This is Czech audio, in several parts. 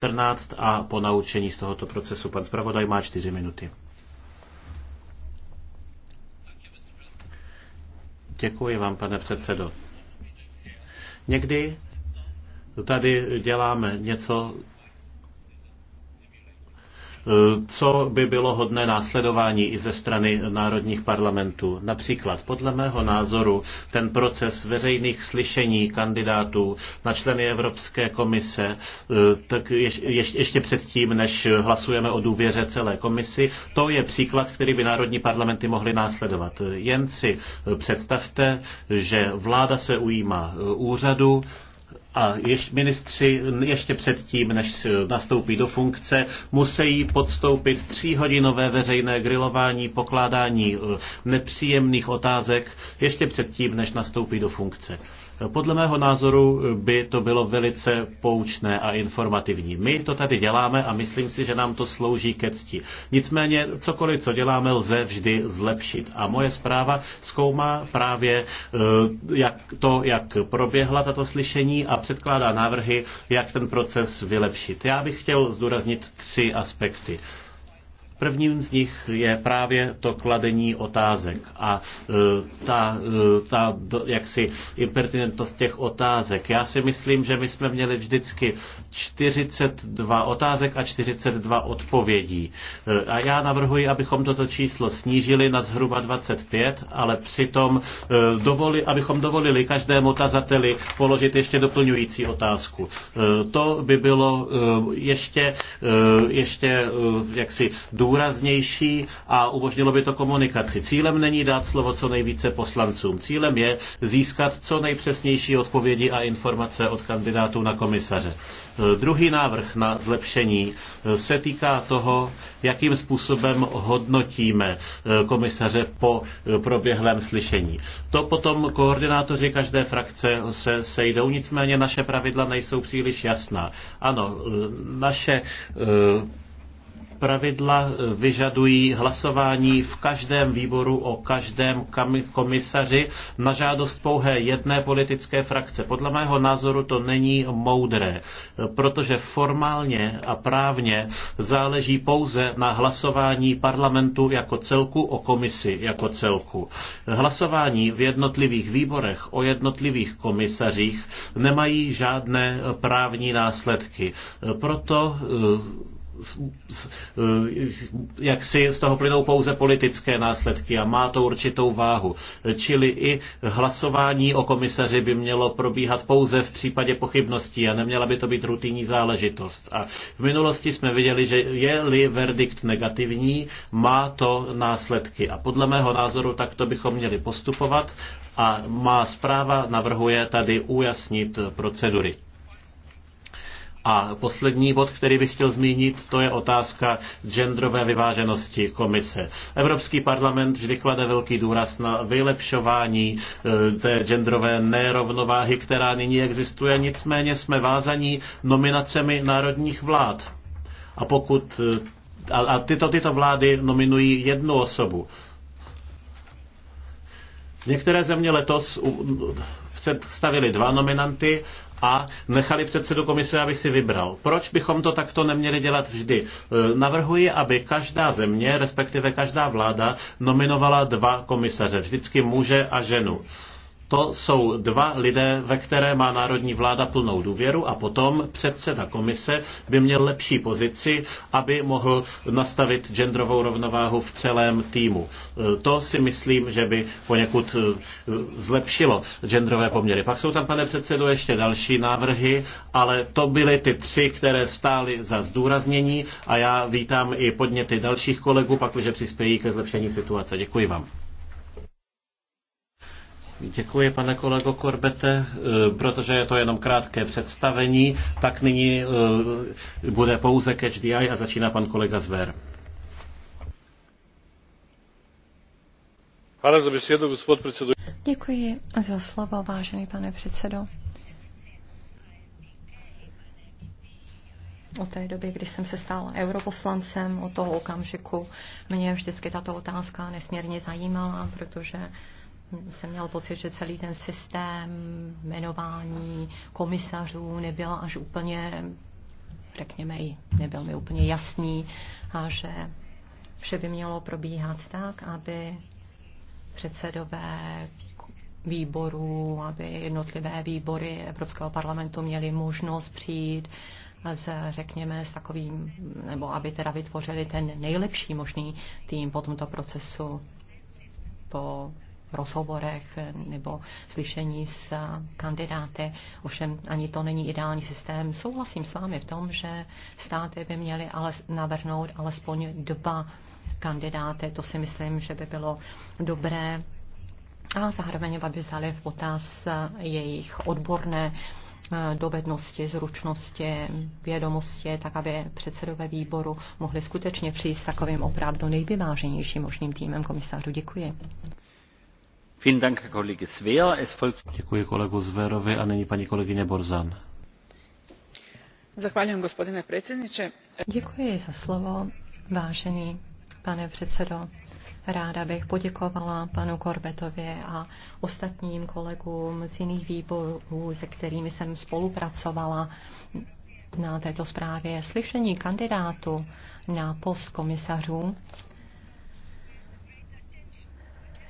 14 a po naučení z tohoto procesu. Pan zpravodaj má 4 minuty. Děkuji vám, pane předsedo. Někdy tady děláme něco, co by bylo hodné následování i ze strany národních parlamentů. Například, podle mého názoru, ten proces veřejných slyšení kandidátů na členy Evropské komise, e, tak ješ, ješ, ještě předtím, než hlasujeme o důvěře celé komisi, to je příklad, který by národní parlamenty mohly následovat. Jen si představte, že vláda se ujímá úřadu, a ještě ministři ještě předtím, než nastoupí do funkce, musí podstoupit tříhodinové veřejné grilování, pokládání eh, nepříjemných otázek ještě předtím, než nastoupí do funkce. Podle mého názoru by to bylo velice poučné a informativní. My to tady děláme a myslím si, že nám to slouží ke cti. Nicméně cokoliv, co děláme, lze vždy zlepšit. A moje zpráva zkoumá právě eh, jak to, jak proběhla tato slyšení a předkládá návrhy, jak ten proces vylepšit. Já bych chtěl zdůraznit tři aspekty. Prvním z nich je právě to kladení otázek a e, ta, e, ta jaksi impertinentnost těch otázek. Já si myslím, že my jsme měli vždycky 42 otázek a 42 odpovědí. E, a já navrhuji, abychom toto číslo snížili na zhruba 25, ale přitom dovoli, abychom dovolili každému tazateli položit ještě doplňující otázku. To by bylo ještě, ještě jaksi důležité důraznější a umožnilo by to komunikaci. Cílem není dát slovo co nejvíce poslancům. Cílem je získat co nejpřesnější odpovědi a informace od kandidátů na komisaře. Druhý návrh na zlepšení se týká toho, jakým způsobem hodnotíme komisaře po proběhlém slyšení. To potom koordinátoři každé frakce se sejdou, nicméně naše pravidla nejsou příliš jasná. Ano, naše pravidla eh, vyžadují hlasování v každém výboru o každém komisaři na žádost pouhé jedné politické frakce. Podle mého názoru to není moudré, eh, protože formálně a právně záleží pouze na hlasování parlamentu jako celku o komisi jako celku. Hlasování v jednotlivých výborech o jednotlivých komisařích nemají žádné eh, právní následky. Proto Eh, jak si z toho plynou pouze politické následky a má to určitou váhu. Čili i hlasování o komisaři by mělo probíhat pouze v případě pochybností a neměla by to být rutinní záležitost. A v minulosti jsme viděli, že je-li verdikt negativní, má to následky. A podle mého názoru takto bychom měli postupovat a má zpráva navrhuje tady ujasnit procedury. A poslední bod, který bych chtěl zmínit, to je otázka genderové vyváženosti komise. Evropský parlament vždy klade velký důraz na vylepšování eh, té genderové nerovnováhy, která nyní existuje, nicméně jsme vázaní nominacemi národních vlád. A pokud eh, a, a tyto, tyto vlády nominují jednu osobu. Některé země letos představili dva nominanty a nechali předsedu komise, aby si vybral. Proč bychom to takto neměli dělat vždy? E, navrhuji, aby každá země, respektive každá vláda, nominovala dva komisaře. Vždycky muže a ženu. To jsou dva lidé, ve které má národní vláda plnou důvěru a potom předseda komise by měl lepší pozici, aby mohl nastavit genderovou rovnováhu v celém týmu. E, to si myslím, že by poněkud e, zlepšilo genderové poměry. Pak jsou tam, pane předsedo, ještě další návrhy, ale to byly ty tři, které stály za zdůraznění a já vítám i podněty dalších kolegů, pakliže přispějí ke zlepšení situace. Děkuji vám. Děkuji, pane kolego Korbete, e, protože je to jenom krátké představení, tak nyní e, bude pouze catch the eye a začíná pan kolega Zver. Děkuji za slovo, vážený pane předsedo. Od té doby, kdy jsem se stal europoslancem, od toho okamžiku mě vždycky tato otázka nesmírně zajímala, protože jsem měl pocit, že celý ten systém jmenování komisařů nebyl až úplně, řekněme i, nebyl mi úplně jasný a že vše by mělo probíhat tak, aby předsedové výborů, aby jednotlivé výbory Evropského parlamentu měly možnost přijít s, řekněme, s takovým, nebo aby teda vytvořili ten nejlepší možný tým po tomto procesu po rozhovorech nebo slyšení s kandidáty. Ovšem ani to není ideální systém. Souhlasím s vámi v tom, že státy by měly ale navrhnout alespoň dva kandidáty. To si myslím, že by bylo dobré. A zároveň by vzali v potaz jejich odborné eh, dovednosti, zručnosti, vědomosti, tak aby předsedové výboru mohli skutečně přijít s takovým opravdu nejvyváženějším možným týmem komisářů. Děkuji. Děkuji kolegu Zverovi a nyní paní kolegyně Borzan. Zahvaljujem, gospodine predsjedniče. Děkuji za slovo, vážený pane předsedo. Ráda bych poděkovala panu Korbetovi a ostatním kolegům z jiných výborů, se kterými jsem spolupracovala na této zprávě. Slyšení kandidátu na post komisařů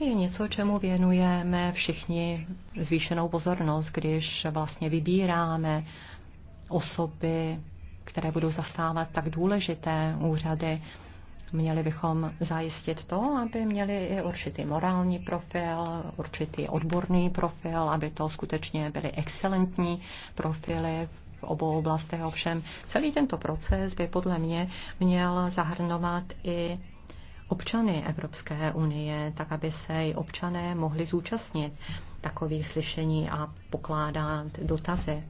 je něco, čemu věnujeme všichni zvýšenou pozornost, když vlastně vybíráme osoby, které budou zastávat tak důležité úřady. Měli bychom zajistit to, aby měli i určitý morální profil, určitý odborný profil, aby to skutečně byly excelentní profily v obou oblastech. Ovšem celý tento proces by podle mě měl zahrnovat i občany Evropské unie, tak aby se i občané mohli zúčastnit takových slyšení a pokládat dotazy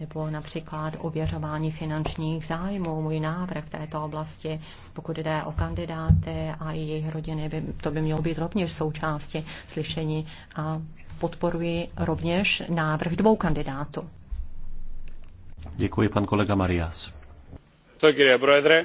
nebo například ověřování finančních zájmů, můj návrh v této oblasti, pokud jde o kandidáty a jejich rodiny, by, to by mělo být rovněž součástí slyšení a podporuji rovněž návrh dvou kandidátů. Děkuji, pan kolega Marias. Děkuji, brodre.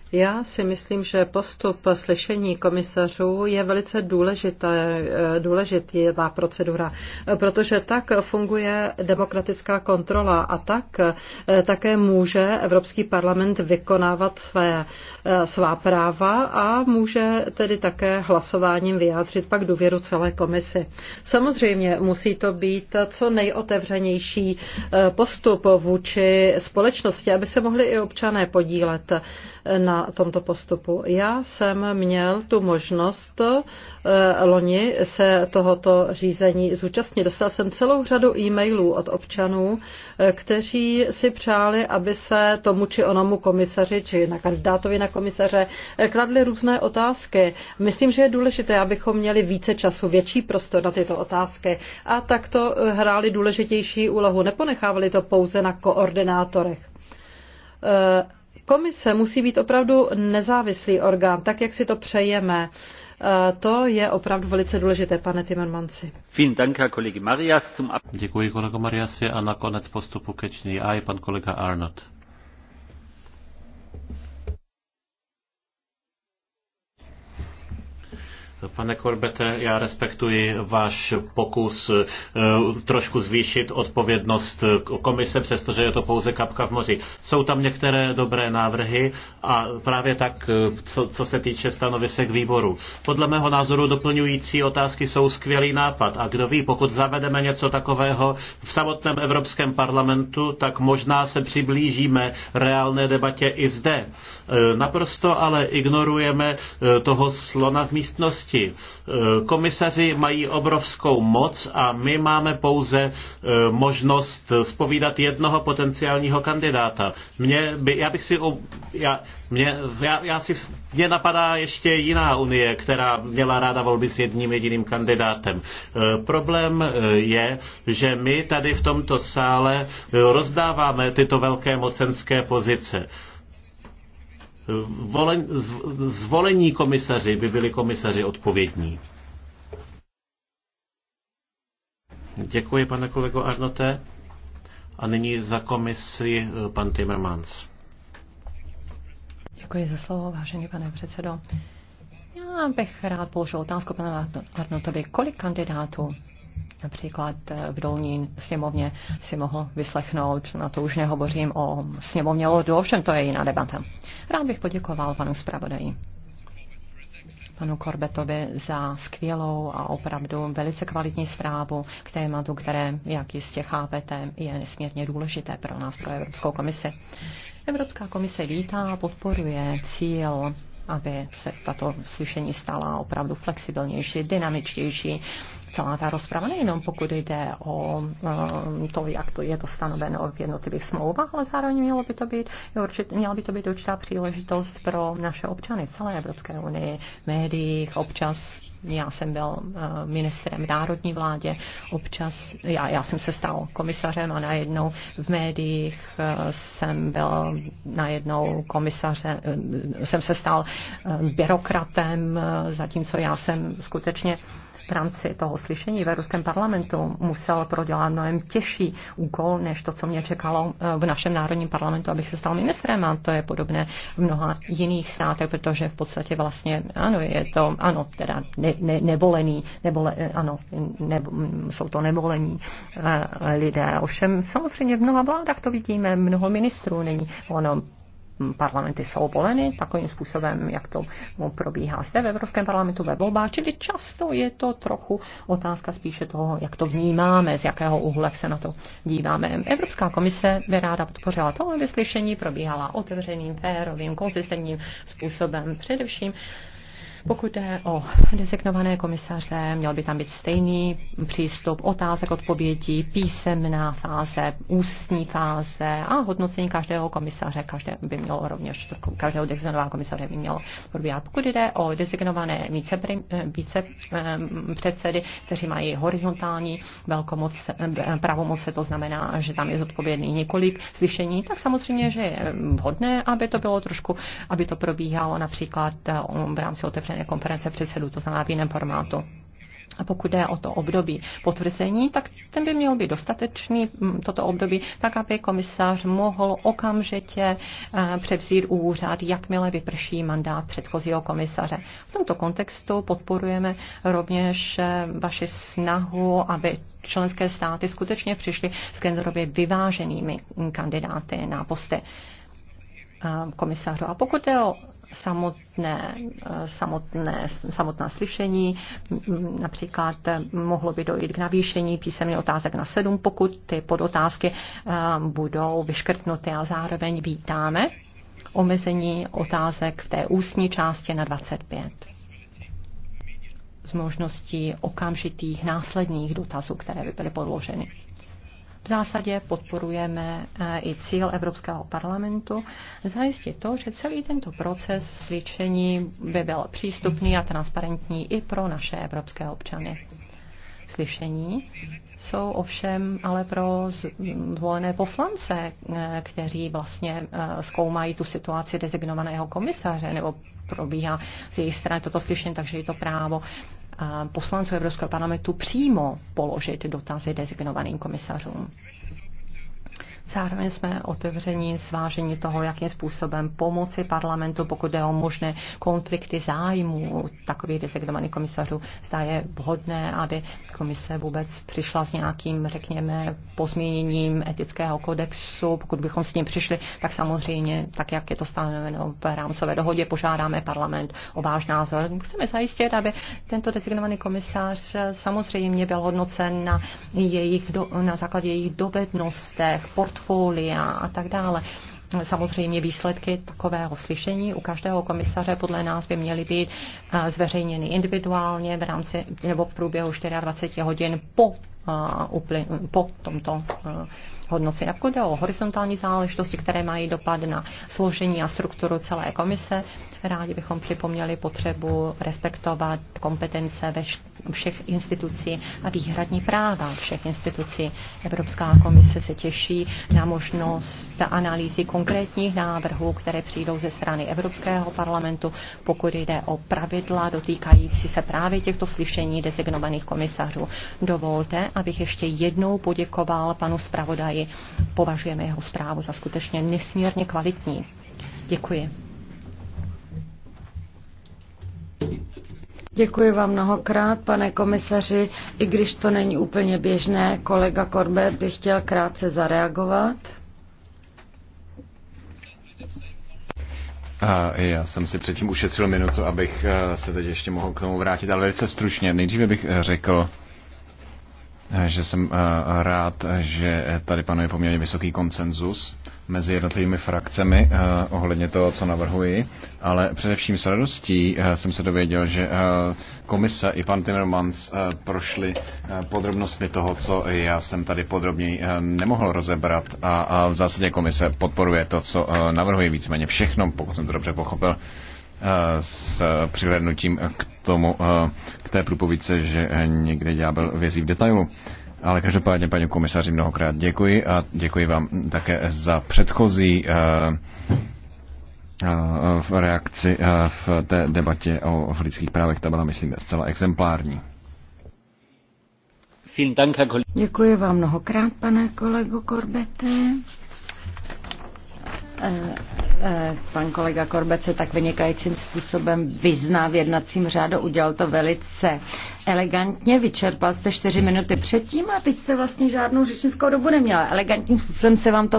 Já si myslím, že postup slyšení komisařů je velice důležitá, důležitý ta procedura, protože tak funguje demokratická kontrola a tak eh, také může Evropský parlament vykonávat své, eh, svá práva a může tedy také hlasováním vyjádřit pak důvěru celé komisi. Samozřejmě musí to být co nejotevřenější eh, postup vůči společnosti, aby se mohli i občané podílet na tomto postupu. Já jsem měl tu možnost eh, loni se tohoto řízení zúčastnit. Dostal jsem celou řadu e-mailů od občanů, eh, kteří si přáli, aby se tomu či onomu komisaři či na kandidátovi na komisaře eh, kladly různé otázky. Myslím, že je důležité, abychom měli více času, větší prostor na tyto otázky a takto hráli důležitější úlohu. Neponechávali to pouze na koordinátorech Komise musí být opravdu nezávislý orgán, tak jak si to přejeme. E, to je opravdu velice důležité, pane Timmermansi. Děkuji kolego Mariasi a nakonec postupu ke čtyři a i pan kolega Arnott. Pane Korbete, já respektuji váš pokus eh, trošku zvýšit odpovědnost komise, přestože je to pouze kapka v moři. Jsou tam některé dobré návrhy a právě tak, eh, co, co se týče stanovisek výboru. Podle mého názoru doplňující otázky jsou skvělý nápad a kdo ví, pokud zavedeme něco takového v samotném Evropském parlamentu, tak možná se přiblížíme reálné debatě i zde. Eh, naprosto ale ignorujeme toho slona v místnosti oblasti. E, komisaři mají obrovskou moc a my máme pouze e, možnost spovídat jednoho potenciálního kandidáta. Mě by, já bych si, já, mě, já, já si, mě napadá ještě jiná unie, která měla ráda volby s jedním jediným kandidátem. E, problém je, že my tady v tomto sále rozdáváme tyto velké mocenské pozice volen, zvolení komisaři by byli komisaři odpovědní. Děkuji, pane kolego Arnote. A nyní za komisi eh, pan Timmermans. Děkuji za slovo, vážený pane předsedo. Já bych rád položil otázku pana Arnotovi. Kolik kandidátů například eh, v dolní sněmovně si mohl vyslechnout, na no to už nehovořím o sněmovně lodu, ovšem to je jiná debata. Rád bych poděkoval panu zpravodaji panu Korbetovi za skvělou a opravdu velice kvalitní zprávu k tématu, které, jak jistě chápete, je nesmírně důležité pro nás, pro Evropskou komisi. Evropská komise vítá a podporuje cíl aby se tato slyšení stala opravdu flexibilnější, dynamičtější, celá ta rozprava, nejenom pokud jde o eh, to, jak to je to stanoveno v jednotlivých smlouvách, ale zároveň mělo by to být, určit, měla by to být určitá příležitost pro naše občany celé Evropské unii, médiích, občas já jsem byl eh, ministrem v národní vládě, občas, já, já jsem se stal komisařem a najednou v médiích eh, jsem byl najednou komisařem, jsem se stal byrokratem, zatímco já jsem skutečně v rámci toho slyšení v ruském parlamentu musel prodělat mnohem těžší úkol, než to, co mě čekalo eh, v našem národním parlamentu, abych se stal ministrem. A to je podobné v mnoha jiných státech, protože v podstatě vlastně, ano, je to, ano, teda ne, ne, nevolený, nebole, eh, ano, ne, jsou to nevolení eh, lidé. Ovšem samozřejmě v mnoha vládách to vidíme, mnoho ministrů není ono parlamenty jsou voleny takovým způsobem, jak to probíhá zde v Evropském parlamentu ve volbách, čili často je to trochu otázka spíše toho, jak to vnímáme, z jakého úhlu se na to díváme. Evropská komise by ráda podpořila to, aby slyšení probíhala otevřeným, férovým, konzistentním způsobem. Především pokud jde o designované komisaře, měl by tam být stejný přístup otázek, odpovědí, písemná fáze, ústní fáze a hodnocení každého komisaře každé by mělo rovněž, každého designového komisaře by mělo probíhat. Pokud jde o designované více kteří mají horizontální velkomoc, pravomoce, to znamená, že tam je zodpovědný několik slyšení, tak samozřejmě, že je vhodné, aby to bylo trošku, aby to probíhalo například eh, v rámci otevřené samozřejmě konference předsedů, to znamená v jiném formátu. A pokud jde o to období potvrzení, tak ten by měl být dostatečný, mm, toto období, tak aby komisař mohl okamžitě eh, převzít úřad, jakmile vyprší mandát předchozího komisaře. V tomto kontextu podporujeme rovněž eh, vaši snahu, aby členské státy skutečně přišly s genderově vyváženými kandidáty na posty komisařů. A pokud je o samotné, eh, samotné, samotná slyšení, mm, například eh, mohlo by dojít k navýšení písemných otázek na sedm, pokud ty podotázky eh, budou vyškrtnuty a zároveň vítáme omezení otázek v té ústní části na 25 s možností okamžitých následných dotazů, které by byly podloženy. V zásadě podporujeme eh, i cíl Evropského parlamentu zajistit to, že celý tento proces slyšení by byl přístupný a transparentní i pro naše evropské občany slyšení jsou ovšem ale pro zvolené poslance, eh, kteří vlastně eh, zkoumají tu situaci designovaného komisaře nebo probíhá z jejich strany toto slyšení, takže je to právo poslanců Evropského parlamentu přímo položit dotazy designovaným komisařům. Zároveň jsme otevření zvážení toho, jakým způsobem pomoci parlamentu, pokud je o možné konflikty zájmů takových designovaných komisařů. Zda je vhodné, aby komise vůbec přišla s nějakým, řekněme, pozměněním etického kodexu. Pokud bychom s ním přišli, tak samozřejmě, tak jak je to stanoveno v rámcové dohodě, požádáme parlament o váš názor. Chceme zajistit, aby tento designovaný komisař samozřejmě byl hodnocen na, jejich, na základě jejich dovednostech, portu portfolia a tak dále. Samozřejmě výsledky takového slyšení u každého komisaře podle nás by měly být eh, zveřejněny individuálně v rámci nebo v průběhu 24 hodin po, eh, po tomto eh, hodnocení například jde o horizontální záležitosti, které mají dopad na složení a strukturu celé komise, rádi bychom připomněli potřebu respektovat kompetence ve všech institucí a výhradní práva všech institucí. Evropská komise se těší na možnost analýzy konkrétních návrhů, které přijdou ze strany Evropského parlamentu, pokud jde o pravidla dotýkající se právě těchto slyšení designovaných komisařů. Dovolte, abych ještě jednou poděkoval panu zpravodaji Považujeme jeho zprávu za skutečně nesmírně kvalitní. Děkuji. Děkuji vám mnohokrát, pane komisaři. I když to není úplně běžné, kolega Korbet by chtěl krátce zareagovat. Já jsem si předtím ušetřil minutu, abych eh, se teď ještě mohl k tomu vrátit, ale velice stručně. Nejdříve bych eh, řekl, že jsem eh, rád, že tady panuje poměrně vysoký konsenzus mezi jednotlivými frakcemi eh, ohledně toho, co navrhuji, ale především s radostí eh, jsem se dověděl, že komise i pan Timmermans prošli podrobnostmi toho, co já jsem tady podrobněji nemohl rozebrat a v zásadě komise podporuje to, co navrhuji víceméně všechno, pokud jsem to dobře pochopil s přivednutím k tomu, eh, k té průpovice, že eh, někde ďábel věří v detailu. Ale každopádně, paní komisaři, mnohokrát děkuji a děkuji vám také za předchozí eh, v reakci v té debatě o lidských právech. Ta byla, myslím, zcela exemplární. Děkuji vám mnohokrát, pane kolego Korbete. Eh, eh, pan kolega Korbec se tak vynikajícím způsobem vyzná v jednacím řádu, udělal to velice elegantně, vyčerpal jste čtyři minuty předtím a teď jste vlastně žádnou řečnickou dobu neměla. Elegantním způsobem se vám to